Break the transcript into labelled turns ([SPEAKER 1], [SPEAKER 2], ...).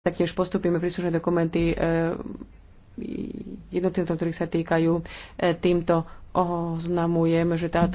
[SPEAKER 1] taktiež postupíme príslušné dokumenty e, jednotlivcom, ktorých sa týkajú. E, týmto oznamujem, že táto